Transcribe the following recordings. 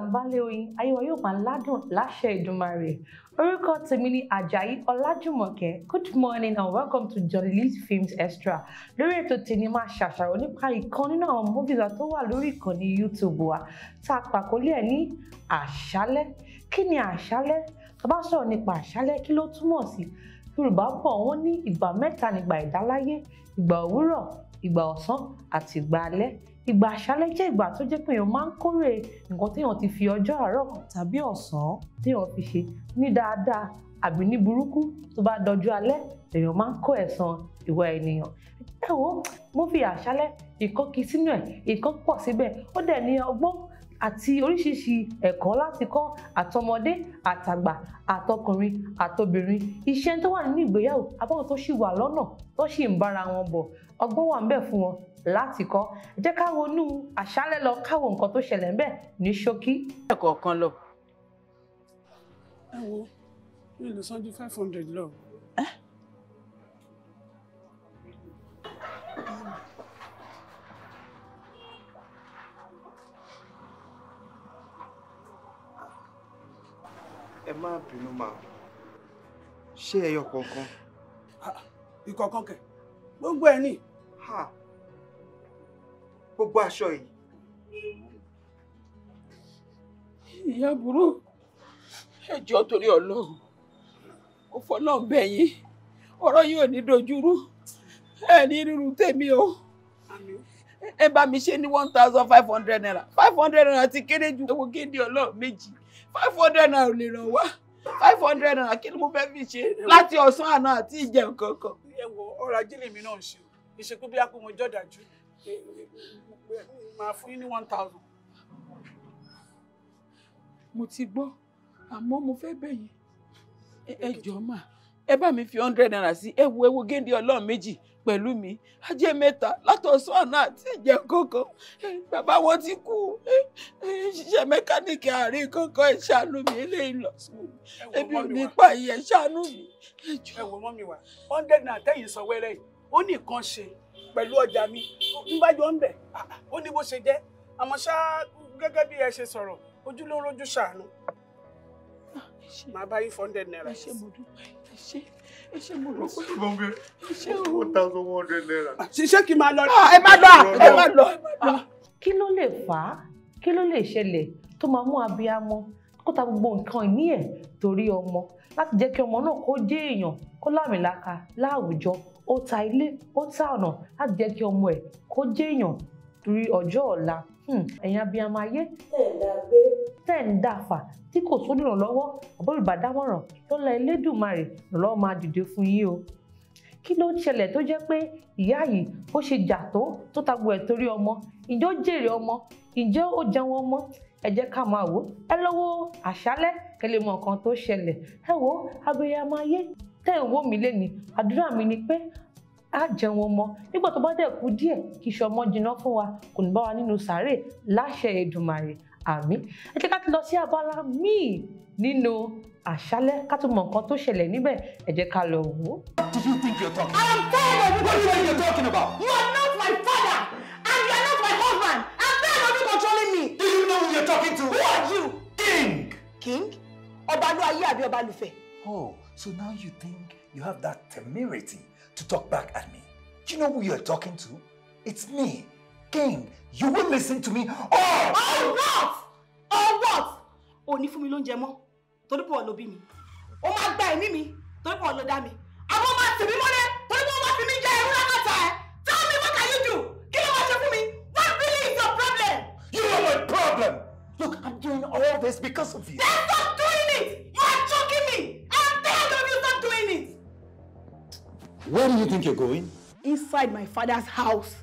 là oyin ayé yóò máa ládùn láṣẹ Èdùmàrè orúkọ tèmi ni Àjàyí Ọlájùmọ̀kẹ́ good morning and welcome to Jollylee's Films Extra lórí ètò tèmi máa ṣàṣàrò nípa ìkan nínú àwọn movies tó wà lórí ìkànnì YouTube wa tá a pàkólé ẹ̀ ní àṣálẹ́ kí ni àṣálẹ́ tá a bá sọ̀rọ̀ nípa àṣálẹ́ kí ló túmọ̀ sí Yorùbá bọ̀ wọ́n ní ìgbà mẹ́ta nígbà ìdáláyé ìgbà òwúrọ̀ ìgbà ọ̀sán àti ìgbà alẹ́ ìgbà àṣálẹ́ jẹ́ ìgbà tó jẹ́ pé èèyàn máa ń kórè nǹkan téèyàn ti fi ọjọ́ àárọ̀ tàbí ọ̀sán téèyàn fi ṣe ní dáadáa àbí ní burúkú tó bá dọjú alẹ́ èèyàn máa ń kó ẹ̀san ìwà ènìyàn ẹ wo múfì àṣálẹ́ ìkan kì í sínú ẹ̀ ìkan pọ̀ síbẹ̀ ó dẹ̀ ní ọgbọ́n àti oríṣiríṣi ẹ̀kọ́ láti kọ́ àtọmọdé àtàgbà àtọkùnrin àtobìnrin iṣẹ́ tó wà nínú ìgbéyàwó abáwọn tó ṣì wà lọ́nà tó ṣì ń bára wọn bọ̀ ọgbọ́n wà ń bẹ fún wọn láti kọ́ jẹ́ ká ronú àṣálẹ́ lọ káwo nǹkan tó ṣẹlẹ̀ ń bẹ̀ ní ṣókí. ẹ̀kọ́ kan lọ. ẹ wo mi lè san five hundred lọ. ẹ má bínú máa ṣé ẹyọ kọ̀ọ̀kan. Ah, ìkọ̀ọ̀kan kẹ̀ gbogbo ẹ̀ ni. Ha gbogbo aṣọ yìí. ìyá burú ẹjọ́ torí ọlọ́run ó fọlọ́run bẹ̀ yín ọ̀rọ̀ yìí ò ní dojúrú ẹ ní rírun tèmi o ẹ bá mi ṣe ní one thousand five hundred naira five hundred naira ti kéré ju owó géńdé ọlọ́run méjì five hundred naira ò lè ràn wá five hundred naira kí ni mo fẹ́ fi ṣe láti ọ̀sán àná àti ìjẹun kankan. ẹ wo ọrọ̀ ajílẹ̀ mi náà ń ṣe ìṣekú bí akómọjọ́ dájú Màá fún yín ní one thousand. Mo ti gbọ́, àmọ́ mo fẹ́ bẹ̀yìn. Ẹ jọ̀ọ́ mà, ẹ bá mi fi hundred naira sí ẹwu ẹwu géńdé ọlọ́run méjì pẹ̀lú mi. Ajé mẹ́ta látọ̀sán àná àti ìjẹ kankan. Bàbá wọn ti kú. Ṣiṣẹ́ mẹkáníìkì àárín kankan ẹ ṣàánú mi eléyìí lọ sùn. Ebi ò ní pààyè ẹ ṣàánú mi. Ẹ wò mọ́ mi wá, hundred naira tẹ́yìn sọ wẹ́rẹ́ yìí, ó nìkan ṣe pẹ̀lú ọjà mi n bá jọ ń bẹ̀ ó ní bó ṣe jẹ́ àmọ́ ṣá gẹ́gẹ́ bí ẹ ṣe sọ̀rọ̀ ojú ló rojú ṣàánú màá bá yín four hundred naira. ẹ ṣe mo dúpẹ́ ẹ ṣe ẹ ṣe mo rò pé ẹ ṣe o. one thousand one hundred naira. ṣiṣẹ́ kí n máa lọ. Ah, ẹ má lọ ẹ má lọ. Ah, kí ló lè fà á kí ló lè ṣẹlẹ̀ tó máa mú abiyamọ kó ta gbogbo nǹkan ìní ẹ̀ torí ọmọ láti jẹ́ kí ọmọ náà kó jẹ́ èèyàn kó lámìlaka láwùjọ ó ta ilé ó ta ọ̀nà láti jẹ́ kí ọmọ ẹ̀ kó jẹ́ torí ọjọ́ ọ̀la hmm, ẹ̀yin abiyamọ ayé tẹ̀ ń dà fà tí kò sódì ìrànlọ́wọ́ àbọ̀lùbádámọ̀ràn lọ́la Elédùmarè ìrànlọ́wọ́ máa dìde fún yín o kí ló ń ṣẹlẹ̀ tó jẹ́ pé ìyá yìí bó ṣe jà tó tó tagbo ẹ̀ torí ọmọ ìjọ jèrè ọmọ ìjọ ó jẹun ọmọ ẹ jẹ́ ká máa wò ẹ lọ́wọ́ àṣálẹ́ kẹ́ lè tó ṣẹlẹ̀ ẹ wò abiyamọ ayé tẹ́ ẹ̀ wò mí lẹ́ni àdúrà mi ni pé á jẹun ọmọ nígbà tó bá dẹ̀ kú díẹ̀ kí iṣẹ́ ọmọ jiná fún wa kò ní bá wa nínú sàárè láṣẹ Èdùmàrè àmín ẹ jẹ́ ká ti lọ sí abala míì nínú àṣálẹ́ ká tó mọ nǹkan tó ṣẹlẹ̀ níbẹ̀ ẹ jẹ́ ká lọ wò. do you think you're talking? I am tired of what you think you're talking about. You are not my father and you are not my husband and then you are controlling me. Do you know who you're talking to? Who are you? King. King? Ọbalú ayé àbí Ọbalùfẹ́? Oh. So now you think you have that temerity to talk back at me. Do you know who you're talking to? It's me, King. You will listen to me or... Oh! oh what? Oh what? Oh, ní fún mi lóúnjẹ mọ́, torí pé o ló bí mi. O máa gba ẹ̀mí mi, torí pé o ló dá mi. Àwọn ọmọ àti mi mọ́lẹ̀, torí pé o fi mi jẹ ẹ̀rú lákàtà ẹ̀. Tell me what can you do? Kí ló máa ṣe fún mi? What really is your problem? You are my problem. Look, I'm doing all this because of you. That's not Where do you think you're going? Inside my father's house.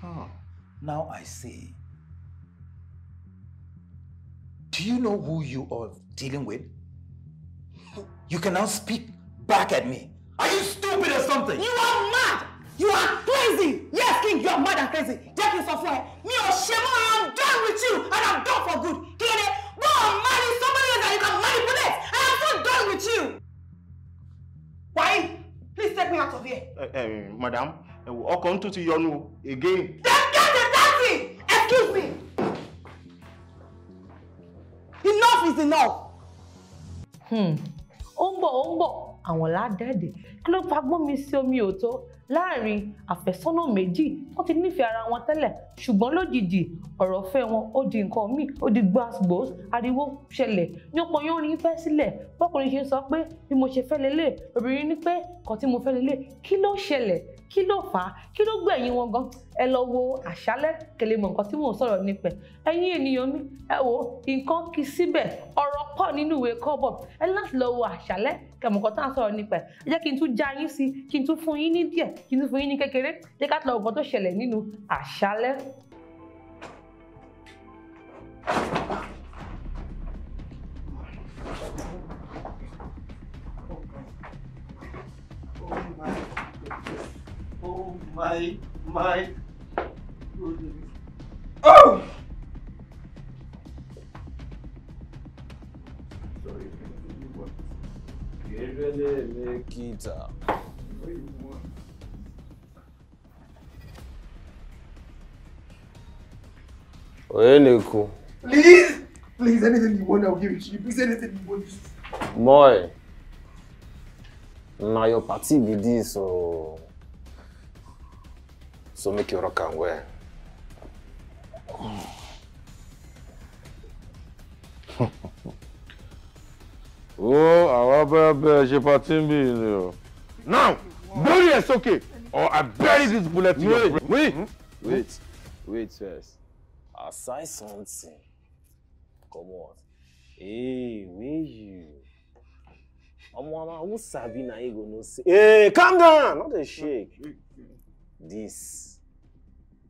Huh. Now I see. Do you know who you are dealing with? You can now speak back at me. Are you stupid or something? You are mad! You are crazy! Yes, King, you are mad and crazy. Take for off Me or Shemo, I am done with you and I'm done for good. Kiyode, go and marry somebody else that you can manipulate. I am so done with you. Why? Please take me out of here. Uh, uh, madam, eh, ọkàn come to yọnu o again. Then get the taxi! Excuse me! Enough is enough! Hmm. ń bọ̀, I'm ń bọ̀, àwọn ládẹ́ẹ̀dẹ̀. Kí ló fagbọ́n mi sí omi láàrin àfẹ́sọ́nà méjì tó ti nífẹ̀ẹ́ ara wọn tẹ́lẹ̀ ṣùgbọ́n lójijì ọ̀rọ̀ fẹ́ wọn ó di nǹkan míì ó di gbàsgbòs ariwo ṣẹlẹ̀ yánpọ̀ yán ní fẹ́ sílẹ̀ bọ́kùnrin ṣe sọ pé bí mo ṣe fẹ́ lélẹ̀ obìnrin ní pé kàn tí mo fẹ́ lélẹ̀ kí ló ṣẹlẹ̀ kí ló fà á kí ló gbẹ̀yìn wọn gan ẹ lọ wo àṣálẹ́ kẹlẹ́ mọ̀ nǹkan tí mò ń sọ̀rọ̀ nípa ẹ̀yin ènìyàn mi ẹ wo nǹkan kí síbẹ̀ ọ̀rọ̀ pọ̀ nínú ìwé kọ́bọ̀ ẹ láti lọ wo àṣálẹ́ kẹmọ̀kọ́ tá à ń nípa ẹ jẹ́ kí n tún já yín sí kí n tún fún yín ní díẹ̀ kí n tún fún yín ní kékeré jẹ́ ká lọ nǹkan tó ṣẹlẹ̀ nínú àṣálẹ́. Oh my, my goodness. Oh! Sorry, what? Gerele Mekita. Oyeneku. Please, please, anything you want, I'll give it to you. Please, anything you want. Boy, Now your party be this, so so make your rock and wear. Oh. ó àwọn abẹ́rẹ́ bẹ́ẹ̀ ṣe patí ń bì o. now gbórí ẹ sókè or I bury this bullet in your brain. wait hmm? wait wait first I sign something come on hey wey you ọmọ ọmọ who sabi na you go know say hey calm down no dey shake this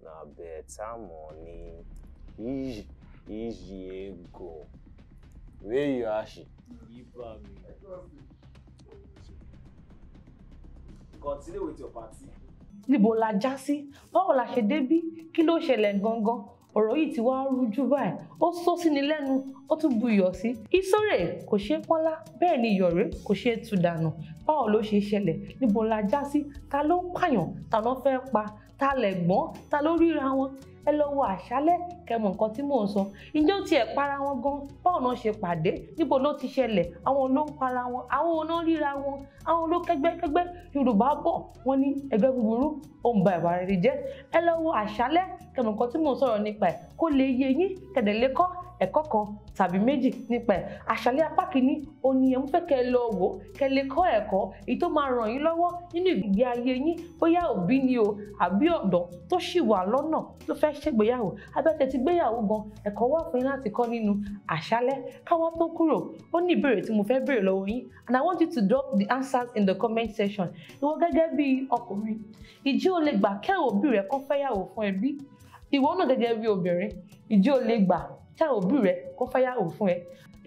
na better money iji ego wey you ashi. yiba mi. continue with your party. níbo la já sí báwo la ṣe débí kí ló ṣẹlẹ̀ gangan ọ̀rọ̀ yìí ti wá rújú báyìí ó sọ sí ni lẹ́nu ó tún bu iyọ̀ sí. ìsọ̀rẹ̀ kò ṣeé pọ́nlá bẹ́ẹ̀ ni ìyọ̀rẹ́ kò ṣeé tú dànù báwo ló ṣe ṣẹlẹ̀ níbo la já sí ta ló ń pààyàn ta ló fẹ́ pa ta lẹ̀gbọ́n ta ló ríra wọn ẹ lọ wo àṣálẹ́ kẹmọ nǹkan tí mò ń sọ ǹjẹ́ ó tiẹ̀ para wọn gan báwọn náà ṣe pàdé níbo ló ti ṣẹlẹ̀ àwọn ló ń para wọn àwọn náà ríra wọn àwọn olókẹgbẹ́kẹgbẹ́ yorùbá bọ̀ wọ́n ní ẹgbẹ́ búburú ó ń ba ìwà rere jẹ́ ẹ lọ wo àṣálẹ́ kẹmọ̀kan tí mò ń sọ̀rọ̀ nípa ẹ̀ kó lè yé yín kẹ̀dẹ̀ lè kọ́ ẹ̀kọ́ kan tàbí méjì nípa ẹ̀ àṣálẹ́ apá kìíní òní ẹ̀ ń fẹ́ kẹ́ ẹ lọ wò kẹ́ lè kọ́ ẹ̀kọ́ èyí tó máa ràn yín lọ́wọ́ nínú ìgbé ayé yín bóyá òbí ni o àbí ọ̀dọ́ tó ṣì wà lọ́nà tó fẹ́ ṣègbéyàwó abẹ́tẹ̀ ti gbéyàwó gan ẹ̀kọ́ wà fún yín láti kọ́ nínú àṣálẹ́ káwọ́ tó kúrò ó ní ìbéèrè tí mo fẹ́ béèrè lọ́wọ́ yín and I want you to drop the answer answers in the comment section ìwọ gẹ́gẹ́ bí ọkùnrin ìjí ò lè gbà kẹ́hìn òbí rẹ kó fẹ́yàwó fún ẹbí ìwọ náà gẹ́gẹ́ bí obìnrin ìjí ò lè gbà kẹ́hìn òbí rẹ kó fẹ́yàwó fún ẹ.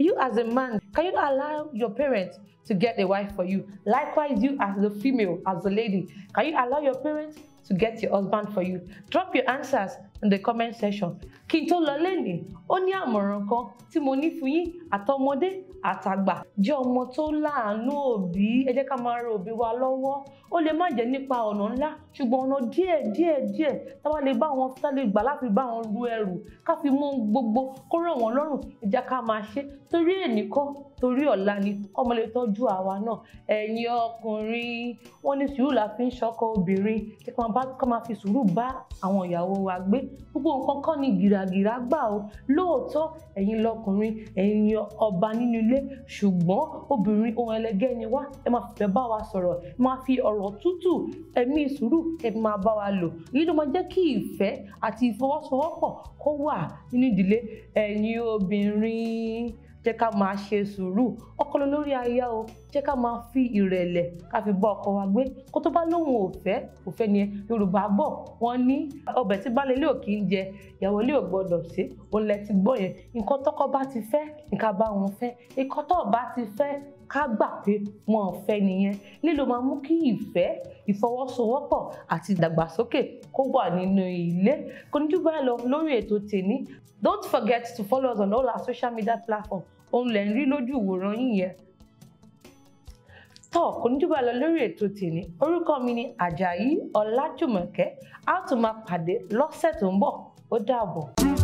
you as a man can you allow your parents to get a wife for you likewise you as a female as a lady can you allow your parents to get your husband for you drop your answers in the comment section kí n tó lọ lẹ́nìí ó ní àmọ̀ràn kan tí mo ní fún yín àtọmọdé àtàgbà jẹ́ ọmọ tó láàánú òbí ẹ jẹ́ ká máa ran òbí wa lọ́wọ́ ó lè má jẹ́ nípa ọ̀nà ńlá ṣùgbọ́n ọ̀nà díẹ̀ díẹ̀ díẹ̀ táwa lè bá wọn tá lè gbà láti bá wọn ru ẹrù ká fi mú gbogbo kó ràn wọ́n lọ́rùn ẹ jẹ́ ká máa ṣe torí èní torí ọ̀la ni ọmọ lè tọ́jú àwa náà ẹ̀yin ọkùnrin wọ́n ní sùúrù la fi ń ṣọkọ obìnrin kí wọ́n bá kọ́ máa fi sùúrù bá àwọn ìyàwó wa gbé gbogbo nǹkan kọ́ ni gìràgìrà gbà o lóòótọ́ ẹ̀yin lọkùnrin ẹ̀yin ni ọba nínú ilé ṣùgbọ́n obìnrin ohun ẹlẹgẹ́ ni wá ẹ máa fẹ́ bá wa sọ̀rọ̀ ẹ máa fi ọ̀rọ̀ tútù ẹ̀mí sùúrù ẹ máa bá wa lò èyí ló máa jẹ́ kí ìfẹ́ àti ìfọwọ́sowọ́pọ̀ kó wà nínú ìdílé ẹ̀yin obìnrin jẹ́ ká máa ṣe sùúrù ọkọlọ lórí aya o jẹ́ ká máa fi ìrẹ̀lẹ̀ ká fi bá ọkọ wa gbé kó tó bá lóhùn òfẹ́ òfẹ́ ni yorùbá bọ̀ wọ́n ní ọbẹ̀ tí baálé ilé ò kì í jẹ ìyàwó ilé ò gbọdọ̀ sí ó lẹ ti gbọ́ yẹn nǹkan tọ́kọ bá ti fẹ́ nǹkan bá wọn fẹ́ nǹkan tó bá ti fẹ́ ká gbà pé wọn ò fẹ́ nìyẹn lílo máa mú kí ìfẹ́ ìfọwọ́sowọ́pọ̀ àti ìdàgbàsókè kó wà nínú ilé kò lọ lórí ètò tèmi don't forget to follow us on all our social media platforms òun lẹ̀ ń rí lójú ìwòran yín yẹn tọ́ kò ní jù báyìí lọ lórí ètò tèmi orúkọ mi ni Àjàyí Ọlájùmọ̀kẹ́ a tún máa pàdé lọ́sẹ̀ tó ń bọ̀ ó dàbọ̀.